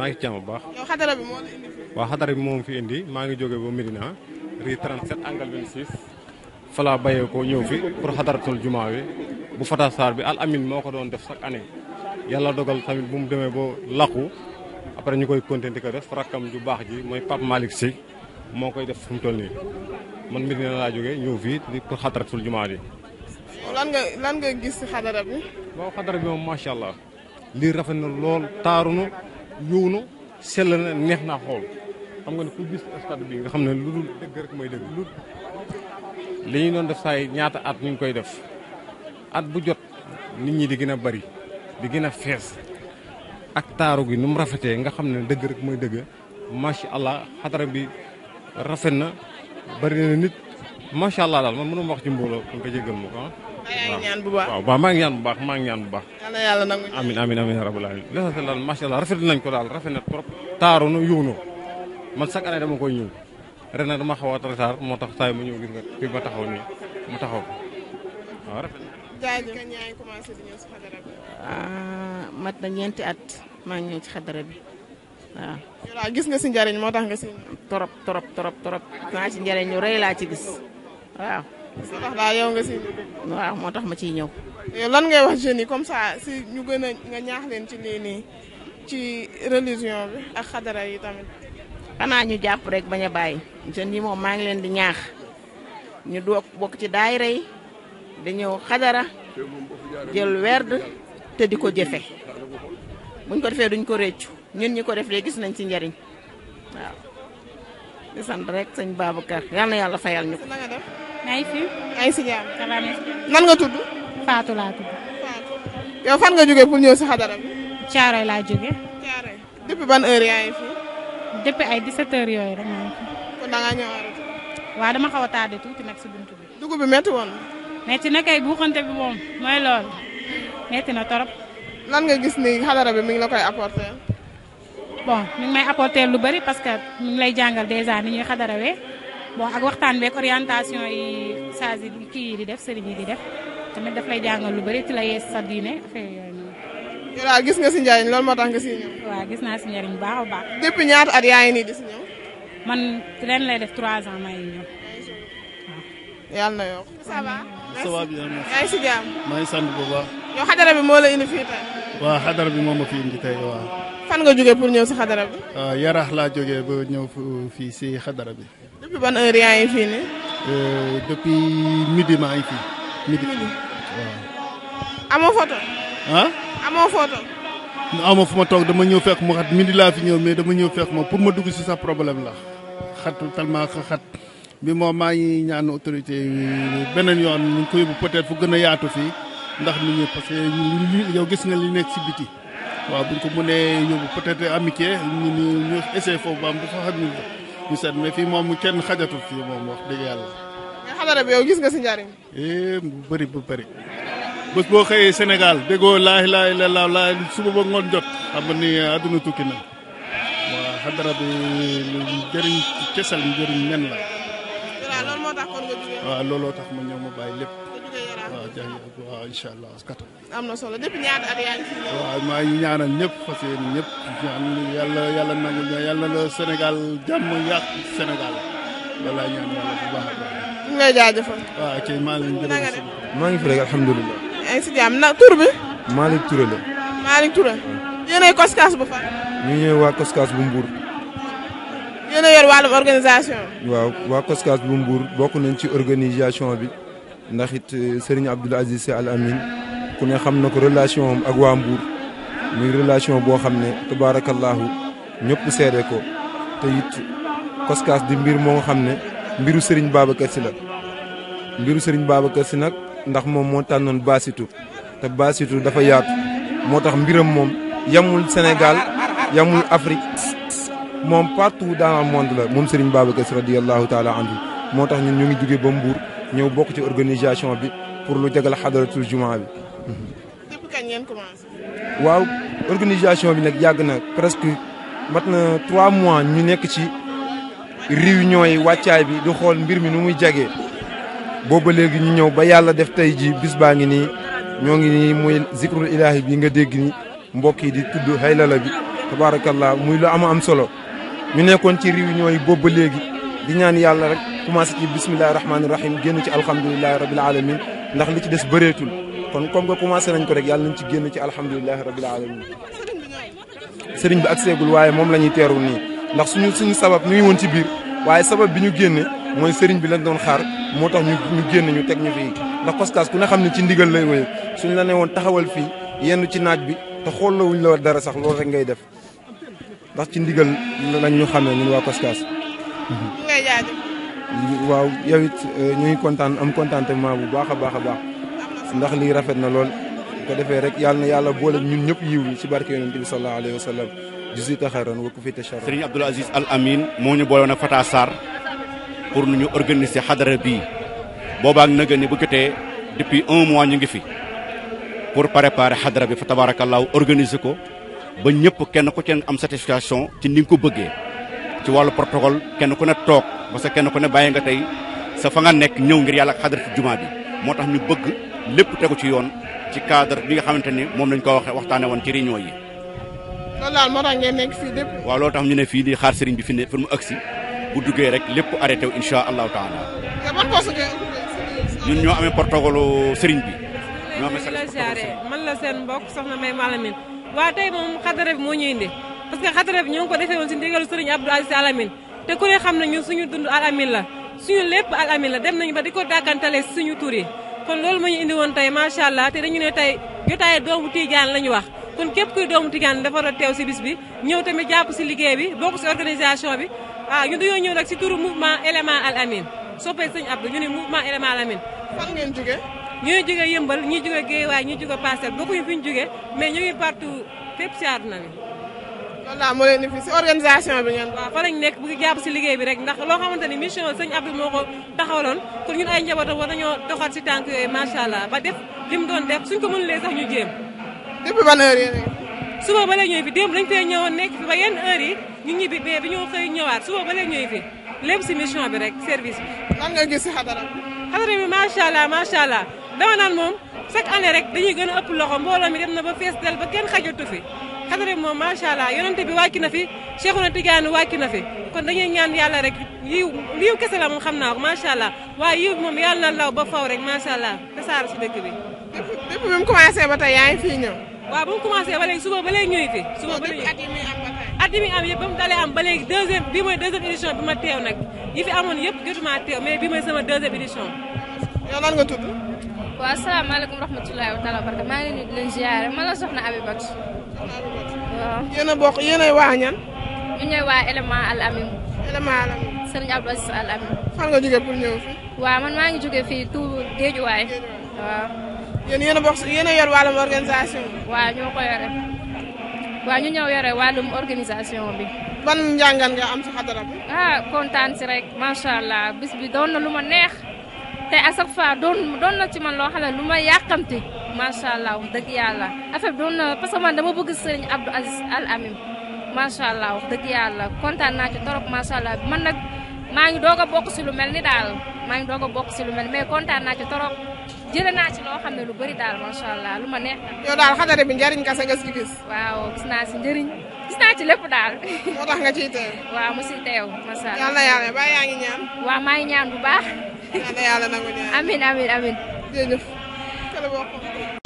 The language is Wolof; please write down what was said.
maa ci jàmm bu baax. yow xadara bi moo la indi fii. waaw xadara bi moom fi indi maa ngi jóge ba Médina rue 37 angle 26 fa laa bayee ko ñëw fi pour xadaratul jumaa wi bu Fata Sarr bi al amin moo ko doon def chaque année yàlla dogal tamit bu mu demee ba làqu après ñu koy continuer di ko def rakkam ju baax ji mooy Pape Malick Sy moo koy def fu mu toll nii man Medina laa jógee ñëw fii pour xadaratul jumaa bi. lan nga lan nga gis si xadara bi. waaw xadara bi moom macha allah lii rafet na lool taaru na yow na sell na neex naa xool xam nga ne ku gis stade bi nga xam ne lu dul dëgg rek mooy dëgg lu li ñu doon def saay ñaata at ñu ngi koy def at bu jot nit ñi di gën a bari di gën a fees ak taaru gi nu mu rafetee nga xam ne dëgg rek mooy dëgg macha allah xadara bi rafet na bari na nit macha allah daal man mënuma wax ci mbooloo nga jégal ma ko ah. ñaan bu baax waaw ba maa ngi ñaan bu baax maa ngi ñaan bu baax yàlla yàlla ya nangu amin amin amin ya rabbal alamin gasata lan macha allah rafet nañ ko daal rafet na trop taaru nu yiw nu man chaque année dama koy ñëw ren nag dama xaw a retard moo tax saa yi ma ñëw gis nga fii ma taxaw nii ma taxaw ko waaw ah, rafet na jaajëf kañ yaa ngi commencé di ñëw si xadara bi ah, mat na ñeenti at maa ngi ñëw ci xadara bi waaw gis nga si moo tax nga si trop trop trop trop naa rëy laa ci gis waaw waaw yow nga siy waaw moo tax ma ciy ñëw. Eh, lan ngay wax jeunes yi comme ça si ñu gën a nga ñaax leen ci lii nii ci religion bi ak xadara yi tamit. xanaa ñu jàpp rek bañ a bàyyi. jeunes yi moom maa ngi leen di ñaax ñu doog bokk ci daayira yi di ñëw xadara jël werd te di ko jëfe buñ ko defee duñ ko réccu ñun ñi ko def de gis nañ ci njariñ waaw di sant rek sëñ Babacar yal na yàlla fayal ñu ko. maa fi. maa ngi si jàmm. nan nga tudd. Fatou laa tudd. yow fan nga jógee pour ñëw si xadara bi. Thiaroye laa jógee. Thiaroye depuis ban heure yaa ngi fi. depuis ay 17 yooyu rek maa ngi fi. da ngaa dama xaw a tardé tuuti nag si bunt bi. dugub bi métti woon. métti na kay buuxante bi moom mooy loolu métti na torop. nan nga gis ni xadara bi mi ngi la koy apporter. bon mi ngi may apporter lu bari parce que mi lay jàngal déjà ni ñuy xadarawee. bon ak waxtaan beeg orientation yi saasi kii yi di def sëriñ di def tamit daf lay jàngal lu bëri ci la yees sa diine affaire yooyu noonu. yow gis nga si njariñ nga gis bu baax baax. at di si ñëw. man ren lay def 3 ans maa ngi ñëw. na yokk. ça va. ça va bien merci. yaa ngi si jàmm. bu baax. yow xadara bi moo la indi fii tey. waaw xadara bi moo fi indi fan nga pour bi. Ah, ba bi. depuis est-ce heure yaa ngi fii euh, depuis midi ma ici. midi waaw. photo. ah. amoo photo. amoo fu ma dama ñëw fekk mu midi laa fi ñëw mais dama ñëw de ma pour ma dugg si problème là xatu tellement xat bi moom ma ngi ñaan autorité beneen yoon ñu ko yóbbu peut-être fu gën a yaatu fii ndax ni parce que il gis nga li nekk si biti. waaw buñ ko peut-être amitié ñu ñu je un ba am mu set mais fii moom kenn xajatul fii moom wax dëgg yàlla. mais xadara bi yow gis nga si njariñ. bu eh, bëri bu bëri. bés boo xëyee Sénégal déggoo laa ilaaha illallaah laa suba ba ngoon jot xam ni àdduna tukki na waaw xadara bi njëriñ kesal njëriñ nen la. waaw looloo tax ma ñëw ma bàyyi lépp. waaw jaajëf waaw incha allah kattan. am na solo depuis ñaata at yaa ngi fi. waaw maa ngi ñaanal ñëpp fas yéene ñëpp ñaan yàlla yàlla nangu yàlla na Sénégal jàmm yàq Sénégal wala ñaan yàlla bu baax a baax. ñu ngi lay jaajëfal. waaw kay maa ngi leen jërëjëf. maa ngi fi rek alhamdulilah. yaa ngi si jàmm na bu fa. ñu ñëw waa Koskas bu Mbour. yéen a yor wàllum organisation. waaw waa Koskas bu Mbour bokk nañ ci organisation bi. ndax it euh, sëriñ Abdoul Aziz Sy Al Amine ku ne xam na ko relation ak waa Mbour muy relation boo xam ne tabaarakallaahu ñëpp seede ko te it Coskas di mbir moo xam ne mbiru sëriñ Babacar Sy la mbiru sëriñ Babacar Sy nag ndax moom moo tànnoon baasitu te baasitu dafa yaatu moo tax mbiram moom yamul Sénégal yamul Afrique moom partout dans le monde la moom sëriñ Babacar Sy radiyallahu taala anhu moo tax ñun ñu ngi jóge ba Mbour ñëw bokk ci organisation bi pour lu jagal xadaratul juma bi. depuis waaw organisation bi nag yàgg na presque mat na trois mois ñu nekk ci réunion yi wàccaay bi di xool mbir mi nu muy jagee booba léegi ñu ñëw ba yàlla def tey ji bis baa ngi nii ñoo ngi nii muy zikrul ilaahi bi nga dégg ni mbokk yi di tudd haylala bi tabaarakallah muy lu am am solo ñu nekkoon ci réunion yi booba léegi. di ñaan yàlla rek commencé ci bisimilah rahmaani rahim génn ci alhamdulilah rabil alamin ndax li ci des bëreetul kon comme que commencé nañ ko rek yàlla nañ ci génn ci alhamdulilah rabil alamin sëriñ bi ak seegul waaye moom la ñuy teeru nii ndax suñu suñu sabab mi ngi woon ci biir waaye sabab bi ñu génne mooy sëriñ bi lañ doon xaar moo tax ñu ñu génn ñu teg ñu fii ndax Coskas ku ne xam ne ci ndigal lay woy suñ la ne woon taxawal fii yenn ci naaj bi te xoolawuñ la dara sax loolu rek ngay def ndax ci ndigal lañ ñu xamee ñun waa Coskas lay jaajëf. waaw yow it euh, ñu ngi kontaan am contentement bu baax a baax a baax ndax lii rafet na lool bu ko defee rek yàlla na yàlla boole ñun ñëpp yiw yi ci barke yonent bi sallallahu alayhi wa sallam jisi taxaroon wa ku fi tachar Al Amin moo ñu boole woon ak Fata Sarr pour ñu organiser xadara bii boobaak nëga ni bu jotee depuis un mois ñu ngi fi pour préparer xadara bi fa tabaarakallaahu organiser ko ba ñëpp kenn ku ci am satisfaction ci ni nga ko bëggee ci wàllu protocole kenn ku ne toog parce que kenn ku ne bàyyi nga tey sa fa nga nekk ñëw ngir yàlla ak xadar jumaa bi moo tax ñu bëgg lépp tegu ci yoon ci cadre bi nga xamante ni moom lañ ko waxee waxtaane woon ci réunion yi. loolu tax ngeen nekk ñu ne fii di xaar sëriñ bi fi ne fi mu agsi bu duggee rek lépp arrêté wu incha allahu taala. ñun ñoo amee protocole sëriñ bi. ñoo amee seen protocole sëriñ bi man la seen mbokk soxna May Malamine waa parce que xatara bi ñoo ko defee woon si ndigalu sëriñ Abdou Aziz Al Amine te ku ne xam na ñun suñu dund Al la suñu lépp Al Amine la dem nañu ba di ko dàkkantale suñu tur yi kon loolu ma indi woon tey macha allah te dañu ne tey jotaay doomu Tidiane la ñu wax kon képp kuy doomu Tidiane dafa war a teew si bis bi ñëw tamit jàpp si liggéey bi bokk si organisation bi ah ñu dañoo ñëw nag si turu mouvement élément Al Amine soppee sëñ Abdou ñu ne mouvement élément Al Amine fan ngeen jóge ñuy jóge yëmbal ñuy jóge géewaay ñuy jóge parcelle bokkuñu fi ñu jóge mais ñu ngi partout fépp si àdduna voilà moo leen fi si organisation bi ngeen. waaw fa nekk bëgg jàpp si liggéey bi rek ndax loo xamante ni mission sëñ Abdou moo ko taxawaloon kon ñun ay njabootam war nañoo doxal si tànk yooyu macha allah ba def li mu doon def suñ ko mënulee sax ñu jéem. depuis ban heure yéen ba léegi ñëw fi démb dañ fee ñëwoon nekk fi ba yenn heure yi ñu ñëwaat suba ba léegi ñëw fi lépp si mission bi rek service bi. lan nga gis si xadara. xadara bi macha allah macha allah dama naan moom chaque année rek dañuy gën a ëpp loxo mbooloo mi dem na ba fees ba kenn xajatu fi xadara moom macha allah yonente bi wàcc na fi Cheikhuna Tidiane wàcc na fi kon dañuy ñaan yàlla rek yiw yiw kese la moom xam naa ko macha allah waaye yiw moom yàlla na law ba faw rek macha allah tasaar si dëkk bi. depuis depuis bi mu commencé ba tey yaa ngi fii ñëw. waaw ba mu commencé ba léegi suba ba léegi ñëw fi. suba ba léegi at yi muy am yëpp ba mu dalee am ba léegi deuxième bii mooy deuxième édition bi ma teew nag yi fi amoon yëpp jotuma teew mais bii mooy sama deuxième édition. yow lan nga tudd. waaw asalaamaaleykum rahmatullahi wa taala wa baraka maa ngi leen di leen ziare ma la soxna Abi Baksu waaw yéen a bokk yéen ay waa ñan. ñu ñooy waa élément al amin. élément al amin. sëriñ Abdou Aziz al amin. fan nga jógee pour ñëw fi. waaw man maa ngi jóge fii tu géejuwaay. waa yéen a bokk yéen a yor wàllum organisation bi. waaw ñoo ñu ñëw yore wàllum organisation bi. ban njàngan nga am si xadara bi. ah kontaan si rek macha allah bis bi doon na lu ma neex te à chaque fois doon na ci man loo xam lu ma yàqamti. macha allah wax dëgg affaire bi doon na parce que man dama bëgg serigne Abdou Aziz Al Amin macha allah wax dëgg yàlla kontaan naa ci torop macha allah man nak ma ngi doga bok ci lu mel dal ma ngi doga bok ci lu mel mais contane na ci torop jëlé na ci lo xamné lu bari dal macha allah lu neex na. yow daal xadara bi ndariñ kese nga si gis. waaw gis na ci ndariñ gis na ci lepp dal moo tax nga ci teew. waaw mu ci teew macha allah. yalla yàlla ba yaangi ñaan. waaw ma ngi ñaan bu baax. yalla yalla nangu ñaan. amin amin amin からも。